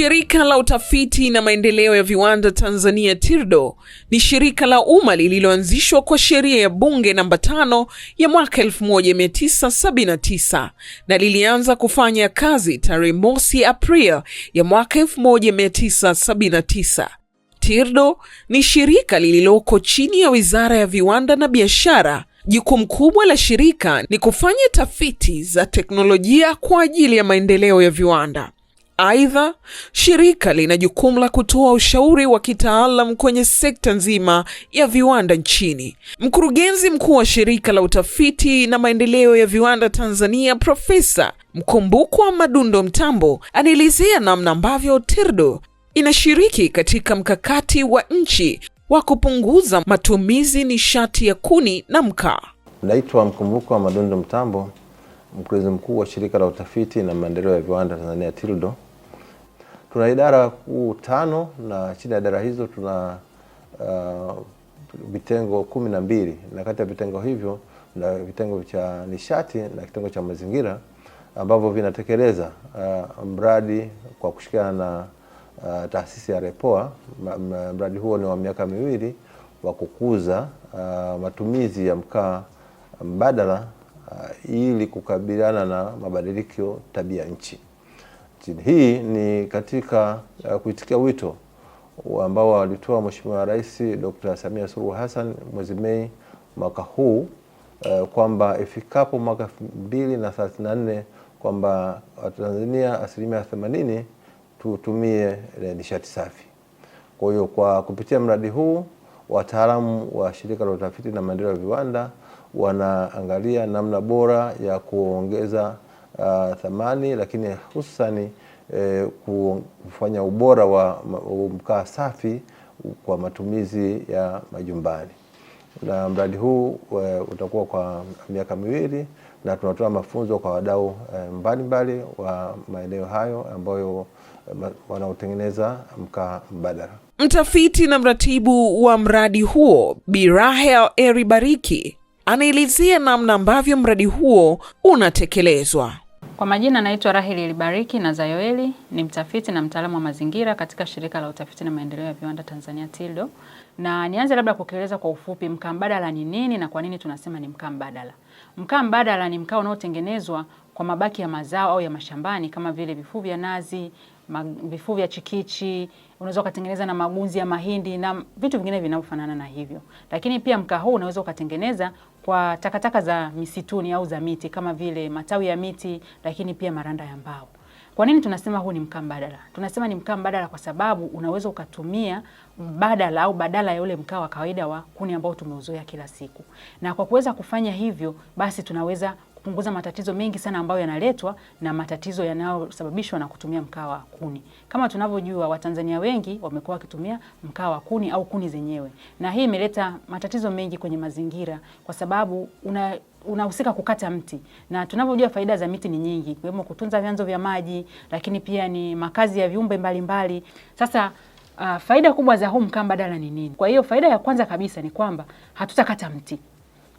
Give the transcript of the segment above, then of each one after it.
Shirika la Utafiti na Maendeleo ya Viwanda Tanzania TIRDO ni shirika la umma lililoanzishwa kwa sheria ya Bunge namba tano ya mwaka 1979 na lilianza kufanya kazi tarehe mosi Aprili ya mwaka 1979. TIRDO ni shirika lililoko chini ya Wizara ya Viwanda na Biashara. Jukumu kubwa la shirika ni kufanya tafiti za teknolojia kwa ajili ya maendeleo ya viwanda. Aidha, shirika lina jukumu la kutoa ushauri wa kitaalam kwenye sekta nzima ya viwanda nchini. Mkurugenzi mkuu wa shirika la utafiti na maendeleo ya viwanda Tanzania, Profesa Mkumbukwa Madundo Mtambo, anaelezea namna ambavyo TIRDO inashiriki katika mkakati wa nchi wa kupunguza matumizi nishati ya kuni na mkaa. Naitwa Mkumbukwa Madundo Mtambo, mkurugenzi mkuu wa shirika la utafiti na maendeleo ya viwanda Tanzania, tildo Tuna idara kuu tano na chini ya idara hizo tuna uh, vitengo kumi na mbili na kati ya vitengo hivyo na vitengo cha nishati na kitengo cha mazingira ambavyo vinatekeleza uh, mradi kwa kushirikiana na uh, taasisi ya REPOA. Mradi huo ni wa miaka miwili wa kukuza uh, matumizi ya mkaa mbadala uh, ili kukabiliana na mabadiliko tabia nchi. Hii ni katika eh, kuitikia wito ambao walitoa Mheshimiwa Rais Dr. Samia Suluhu Hassan mwezi Mei mwaka huu uh, kwamba ifikapo mwaka 2034 kwamba Watanzania asilimia 80 tutumie eh, nishati safi. Kwa hiyo kwa kupitia mradi huu wataalamu wa shirika la utafiti na maendeleo ya viwanda wanaangalia namna bora ya kuongeza uh, thamani, lakini hususani eh, kufanya ubora wa mkaa safi kwa matumizi ya majumbani. Na mradi huu eh, utakuwa kwa miaka miwili na tunatoa mafunzo kwa wadau eh, mbalimbali wa maeneo hayo ambayo eh, wanaotengeneza mkaa mbadala. Mtafiti na mratibu wa mradi huo Bi Rahel Eri Bariki anaelezea namna ambavyo mradi huo unatekelezwa. Kwa majina naitwa Raheli Elibariki na Zayoeli, ni mtafiti na mtaalamu wa mazingira katika shirika la utafiti na maendeleo ya viwanda Tanzania TILDO, na nianze labda kwa kwa ufupi mkaa mbadala ni nini na kwa nini tunasema ni mkaa mbadala. Mkaa mbadala ni mkaa unaotengenezwa kwa mabaki ya mazao au ya mashambani kama vile vifuu vya nazi, vifuu vya chikichi, unaweza ukatengeneza na magunzi ya mahindi na vitu vingine vinavyofanana na hivyo. Lakini pia mkaa huu unaweza ukatengeneza kwa takataka za misituni au za miti kama vile matawi ya miti, lakini pia maranda ya mbao. Kwa nini tunasema huu ni mkaa mbadala? Tunasema ni mkaa mbadala kwa sababu unaweza ukatumia mbadala au badala ya ule mkaa wa kawaida wa kuni ambao tumeuzoea kila siku, na kwa kuweza kufanya hivyo, basi tunaweza kupunguza matatizo mengi sana ambayo yanaletwa na matatizo yanayosababishwa na kutumia mkaa wa kuni. Kama tunavyojua, Watanzania wengi wamekuwa wakitumia mkaa wa kuni au kuni zenyewe, na hii imeleta matatizo mengi kwenye mazingira kwa sababu una unahusika kukata mti na tunavyojua faida za miti ni nyingi, ikiwemo kutunza vyanzo vya maji, lakini pia ni makazi ya viumbe mbalimbali. mbali. Sasa uh, faida kubwa za huu mkaa mbadala ni nini? Kwa hiyo faida ya kwanza kabisa ni kwamba hatutakata mti,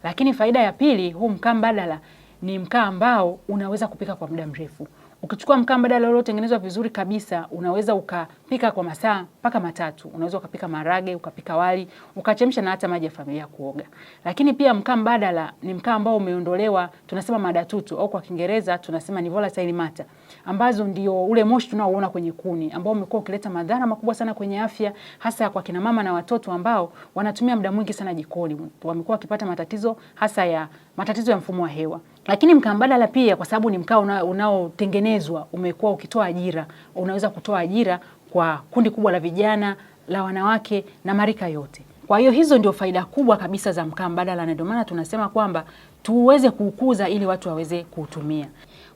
lakini faida ya pili, huu mkaa mbadala ni mkaa ambao unaweza kupika kwa muda mrefu. Ukichukua mkaa mbadala uliotengenezwa vizuri kabisa, unaweza ukapika kwa masaa mpaka matatu. Unaweza ukapika marage, ukapika wali, ukachemsha na hata maji ya familia kuoga. Lakini pia mkaa mbadala ni mkaa ambao umeondolewa, tunasema madatutu au kwa Kiingereza tunasema ni volatile matter, ambazo ndio ule moshi tunaoona kwenye kuni ambao umekuwa ukileta madhara makubwa sana kwenye afya, hasa kwa kina mama na watoto ambao wanatumia muda mwingi sana jikoni, wamekuwa wakipata matatizo hasa ya matatizo ya mfumo wa hewa. Lakini mkaa mbadala pia kwa sababu ni mkaa unaotengenezwa umetengenezwa, umekuwa ukitoa ajira, unaweza kutoa ajira kwa kundi kubwa la vijana la wanawake na marika yote. Kwa hiyo hizo ndio faida kubwa kabisa za mkaa mbadala, na ndio maana tunasema kwamba tuweze kuukuza ili watu waweze kuutumia.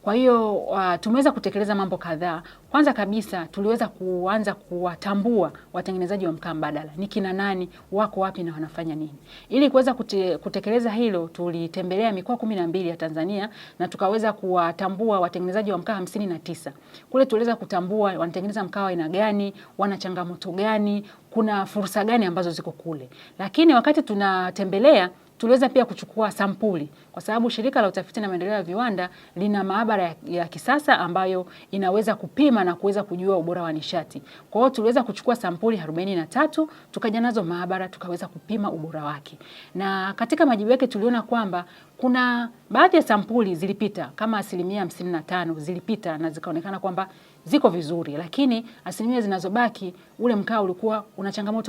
Kwa hiyo uh, tumeweza kutekeleza mambo kadhaa. Kwanza kabisa tuliweza kuanza kuwatambua watengenezaji wa mkaa mbadala ni kina nani, wako wapi na wanafanya nini. Ili kuweza kute, kutekeleza hilo, tulitembelea mikoa kumi na mbili ya Tanzania na tukaweza kuwatambua watengenezaji wa mkaa hamsini na tisa. Kule tuliweza kutambua wanatengeneza mkaa wa aina gani, wana changamoto gani, kuna fursa gani ambazo ziko kule, lakini wakati tunatembelea tuliweza pia kuchukua sampuli kwa sababu shirika la utafiti na maendeleo ya viwanda lina maabara ya, ya kisasa ambayo inaweza kupima na kuweza kujua ubora wa nishati. Kwa hiyo tuliweza kuchukua sampuli 43 tukaja nazo maabara tukaweza kupima ubora wake, na katika majibu yake tuliona kwamba kuna baadhi ya sampuli zilipita kama asilimia 55 zilipita na zikaonekana kwamba ziko vizuri, lakini asilimia zinazobaki ule mkaa ulikuwa una changamoto.